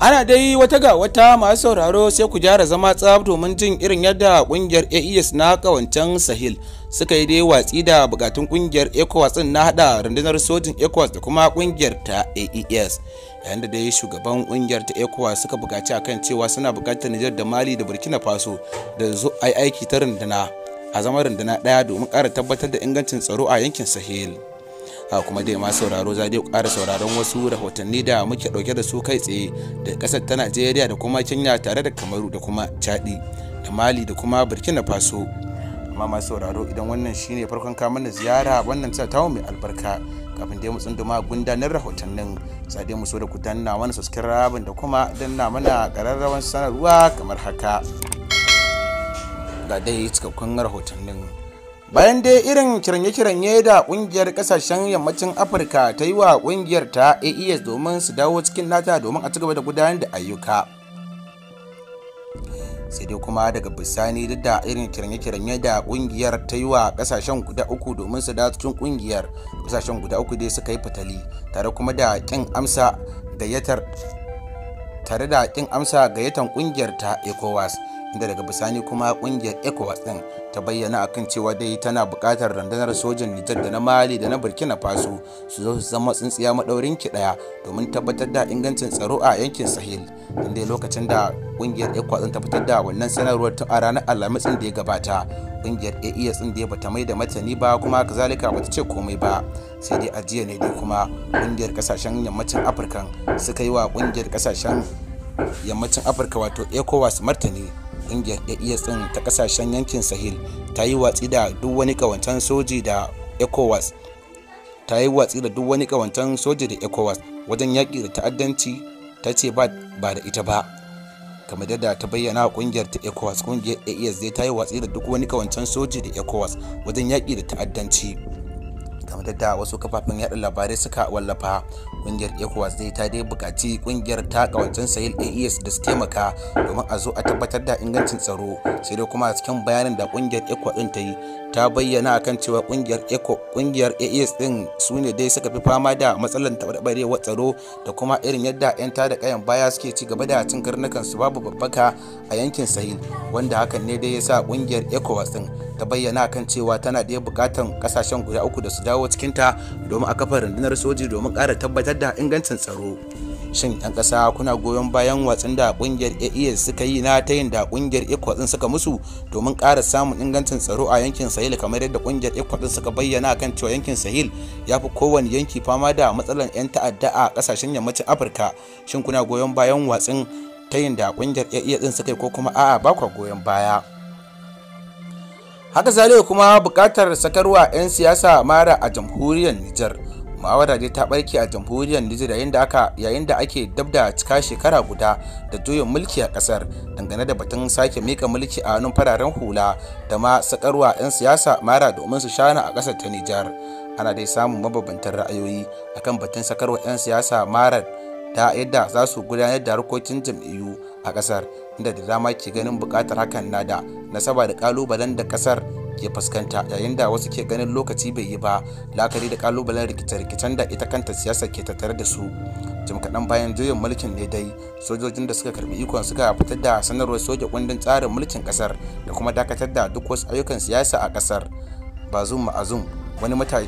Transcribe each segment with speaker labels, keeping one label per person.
Speaker 1: ana dai wata ga wata masu sauraro sai ku gyara zama tsab domin jin irin yadda kungiyar AES na kawancen sahil suka yi dai watsi da bukatun kungiyar ECOWAS na hada rundunar sojin ECOWAS da kuma kungiyar ta AES yayin da dai shugaban kungiyar ta ECOWAS suka bukaci akan cewa suna bukatar Nijar da Mali da Burkina Faso da zo ai aiki ta runduna a zama runduna daya domin kara tabbatar da ingancin tsaro a yankin sahil. kuma dai masu sauraro za dai ƙara sauraron wasu rahotanni da muke ɗauke da su kai tsaye da kasar ta najeriya da kuma kenya tare da kamaru da kuma chadi da mali da kuma burkina faso amma masu sauraro idan wannan shine farkon kama na ziyara wannan ta tawo mai albarka kafin dai mu tsunduma gundanar rahotannin za dai mu so da ku danna mana subscribe da kuma danna mana ƙararrawan sanarwa kamar haka ga dai cikakkun rahotannin bayan dai irin kiranye-kiranye da kungiyar kasashen yammacin afirka ta yi wa kungiyar ta aes domin su dawo cikin nata domin a ci gaba da gudanar da ayyuka sai dai kuma daga bisani duk da irin kiranye-kiranye da kungiyar ta yi wa kasashen guda uku domin su dawo cikin kungiyar kasashen guda uku dai suka yi fitali tare kuma da kin amsa gayyatar tare da kin amsa gayyatar kungiyar ta ecowas inda daga bisani kuma kungiyar ecowas din ta bayyana akan cewa dai tana bukatar randanar sojan nijar da na mali da na burkina faso su zo su zama tsintsiya maɗaurin ki ɗaya domin tabbatar da ingancin tsaro a yankin sahel inda lokacin da kungiyar ecowas ta fitar da wannan sanarwar tun a ranar alhamis da ya gabata kungiyar aes din da bata mai da matani ba kuma kazalika bata ce komai ba sai dai a jiya ne dai kuma kungiyar kasashen yammacin afirka suka yi wa kungiyar kasashen yammacin afirka wato ecowas martani ƙungiyar yes tsin ta kasashen yankin sahel ta yi watsi da duk wani ƙawancen soji da ecowas ta yi watsi da duk wani ƙawancen soji da ecowas wajen yaƙi da ta'addanci ta ce ba da ita ba kamar yadda ta bayyana kungiyar ta ecowas kungiyar aes zai ta yi watsi da duk wani ƙawancen soji da ecowas wajen yaƙi da ta'addanci kamar da wasu kafafen yada labarai suka wallafa kungiyar ecowas dai ta dai bukaci kungiyar ta kawancin sahil aes da su taimaka domin a zo a tabbatar da ingancin tsaro sai dai kuma cikin bayanin da kungiyar eco din ta yi ta bayyana akan cewa kungiyar eco kungiyar aes din su ne dai suka fi fama da matsalar taɓarɓarewar tsaro da kuma irin yadda 'yan da kayan baya suke ci gaba da cin karnukan su babu babbaka a yankin sahil wanda hakan ne dai ya sa kungiyar ecowas din ta bayyana kan cewa tana da bukatan kasashen guda uku da su dawo cikinta domin a kafa rundunar soji domin ƙara tabbatar da ingancin tsaro shin yan ƙasa kuna goyon bayan watsin da ƙungiyar aes suka yi na tayin da ƙungiyar ecuador din suka musu domin ƙara samun ingancin tsaro a yankin sahel kamar yadda ƙungiyar ecuador din suka bayyana kan cewa yankin sahel ya fi kowane yanki fama da matsalar 'yan ta'adda a ƙasashen yammacin afirka shin kuna goyon bayan watsin tayin da ƙungiyar aes din suka yi ko kuma a'a ba kwa goyon baya haka zale kuma bukatar sakarwa 'yan siyasa mara a jamhuriyar nijar mu'awara dai ta barke a jamhuriyar nijar yayin da ake dab da cika shekara guda da juyin mulki a kasar dangane da batun sake mika mulki a wani fararen hula da ma sakarwa 'yan siyasa mara domin su shana a kasar ta nijar ana dai samun mabambantan ra'ayoyi akan batun sakarwa 'yan siyasa mara. ta yadda za su gudanar da harkokin jam'iyyu a kasar inda da dama ke ganin bukatar hakan na da nasaba da kalubalen da kasar ke fuskanta yayin da wasu ke ganin lokaci bai yi ba la'akari da kalubalen rikice-rikicen da ita kanta siyasa ke tattare da su jim kaɗan bayan juyin mulkin ne dai sojojin da suka karbi ikon suka fitar da sanarwar soja kundin tsarin mulkin kasar da kuma dakatar da duk wasu ayyukan siyasa a kasar bazum ma'azum wani mata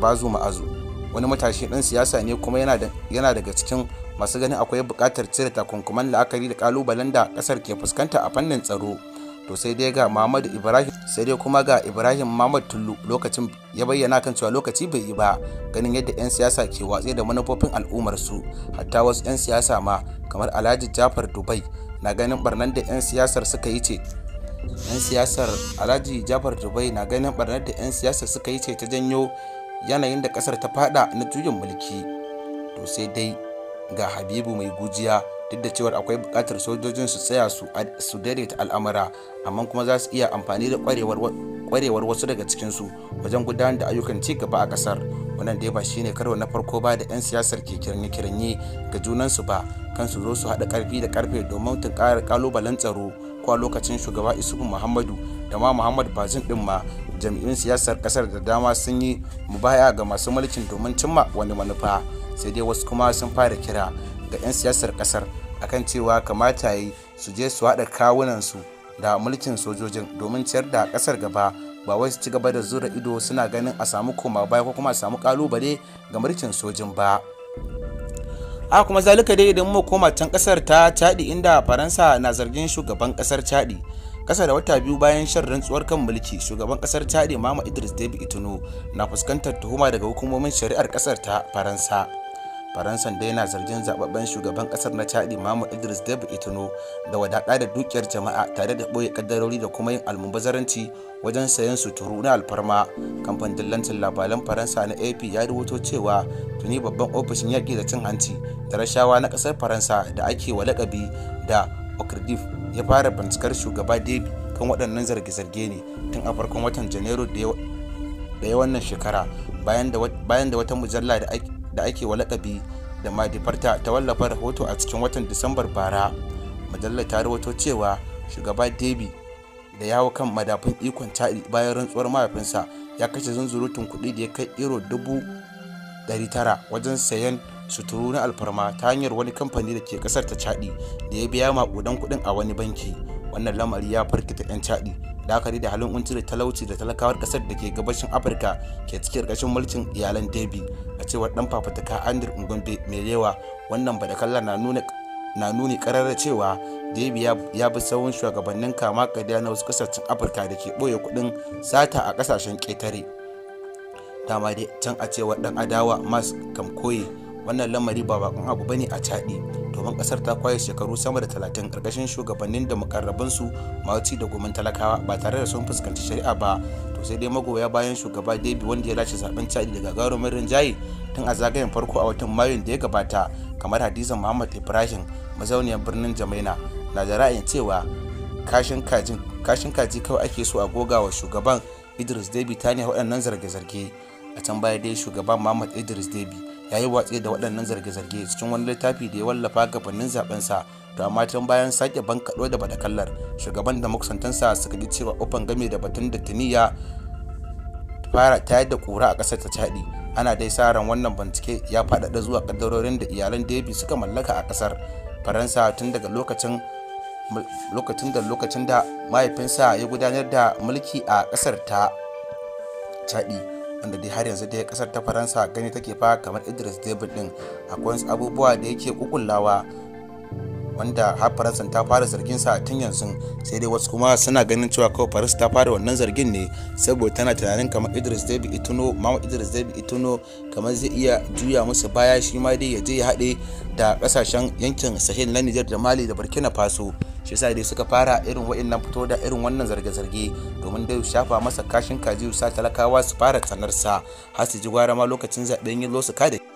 Speaker 1: bazu ma'azu wani matashi dan siyasa ne kuma yana daga cikin masu ganin akwai bukatar cire takunkuman la'akari da ƙalubalen da kasar ke fuskanta a fannin tsaro to sai dai ga Muhammadu Ibrahim sai dai kuma ga Ibrahim Muhammad Tullu lokacin ya bayyana kan cewa lokaci bai yi ba ganin yadda 'yan siyasa ke watsi da manufofin al'ummar su hatta wasu 'yan siyasa ma kamar Alhaji Jafar Dubai na ganin barnan da 'yan siyasar suka yi ce 'yan siyasar Alhaji Jafar Dubai na ganin barnar da 'yan siyasar suka yi ce ta janyo yanayin da kasar ta fada na juyin mulki to sai dai ga habibu mai gujiya duk da cewar akwai bukatar sojojin su tsaya su daidaita al'amura amma kuma za su iya amfani da kwarewar wasu daga cikinsu wajen gudanar da ayyukan ci gaba a kasar wannan dai ba shine karo na farko ba da 'yan siyasar ke kiranye-kiranye ga junansu ba kan su zo su haɗa karfi da karfe domin tun karar ƙalubalen tsaro ko a lokacin shugaba isufu muhammadu da ma muhammad bazin ɗin ma jam'iyyun siyasar kasar da dama sun yi mubaya ga masu mulkin domin cimma wani manufa sai dai wasu kuma sun fara kira ga 'yan siyasar kasar akan cewa kamata yi su je su haɗa kawunansu da mulkin sojojin domin ciyar da kasar gaba ba wai su ci gaba da zura ido suna ganin a samu koma baya ko kuma a samu kalubale ga mulkin sojin ba a kuma zalika dai idan mu koma can kasar ta caɗi inda faransa na zargin shugaban kasar chadi kasa da wata biyu bayan shan rantsuwar kan mulki shugaban kasar chadi mama idris debi itunu na fuskantar tuhuma daga hukumomin shari'ar kasar ta faransa faransan dai na zargin zababben shugaban kasar na chadi mama idris debi itunu da wadaƙa da dukiyar jama'a tare da ɓoye kaddarori da kuma yin almubazaranci wajen sayan suturu na alfarma kamfanin dillancin labaran faransa na ap ya rubuto cewa tuni babban ofishin yaki da cin hanci da rashawa na ƙasar faransa da ake wa lakabi da okridif ya fara bincikar shugaba david kan waɗannan zarge-zarge ne tun a farkon watan janairu da ya wannan shekara bayan da wata mujalla da ake walakabi da madifarta ta wallafa rahoto a cikin watan disambar bara mujallar ta rahoto cewa shugaba david da yawo kan madafin ikon taɗi bayan rantsuwar mahaifinsa ya kashe zunzurutun kuɗi da ya kai iro dubu 900 wajen sayan suturu na alfarma ta hanyar wani kamfani da ke kasar ta chadi da ya biya makudan kuɗin a wani banki wannan lamari ya farkita 'yan chadi dakari da halin kunci da talauci da talakawar kasar da ke gabashin afirka ke cikin ƙarshen mulkin iyalan debi a cewar dan fafutuka andrew ngombe mai yawa wannan kalla na nuna na nuni karar cewa debi ya bi sauran shugabannin kama karya na wasu kasashen afirka da ke ɓoye kuɗin sata a ƙasashen ƙetare dama dai can a cewar dan adawa mas kamkoye wannan lamari ba bakon abu bane a chadi domin kasar ta kwaye shekaru sama da talatin karkashin shugabannin da mukarrabansu masu da gomin talakawa ba tare da sun fuskanci shari'a ba to sai dai magoya bayan shugaba debi wanda ya lashe zaben chadi daga garumin rinjaye tun a zagayen farko a watan mayun da ya gabata kamar hadizan muhammad ibrahim mazauniyar birnin jamaina na da ra'ayin cewa kashin kaji kawai ake so a goga wa shugaban idris debi ta ne waɗannan zarge-zarge a can baya dai shugaban muhammad idris debi ya yi watsi da waɗannan zarge-zarge cikin wani littafi da ya wallafa gabanin zabensa to amma tun bayan sake kaɗo da badakallar shugaban da makusantansa suka ji cewa ofan game da batun da tuniya fara tayar da kura a ƙasar ta chadi ana dai sa ran wannan bincike ya faɗaɗa zuwa ƙaddarorin da iyalan debi suka mallaka a ƙasar faransa tun daga lokacin lokacin da lokacin da mahaifinsa ya gudanar da mulki a ƙasar ta caɗi. wanda dai har yanzu dai kasar ta faransa gani take fa kamar idris david din akwai wasu abubuwa da yake kukullawa wanda har faransa ta fara zargin sa tun yanzu sai dai wasu kuma suna ganin cewa kawai faransa ta fara wannan zargin ne saboda tana tunanin kamar idris david ituno mama idris david ituno kamar zai iya juya musu baya shi ma dai ya je ya haɗe da kasashen yankin sahel na niger da mali da burkina faso shi yasa dai suka fara irin wa'annan fito da irin wannan zarge-zarge domin dai shafa masa kashin kaji su sa talakawa su fara tsanarsa har su ji gwara ma lokacin zaɓen yin losu kada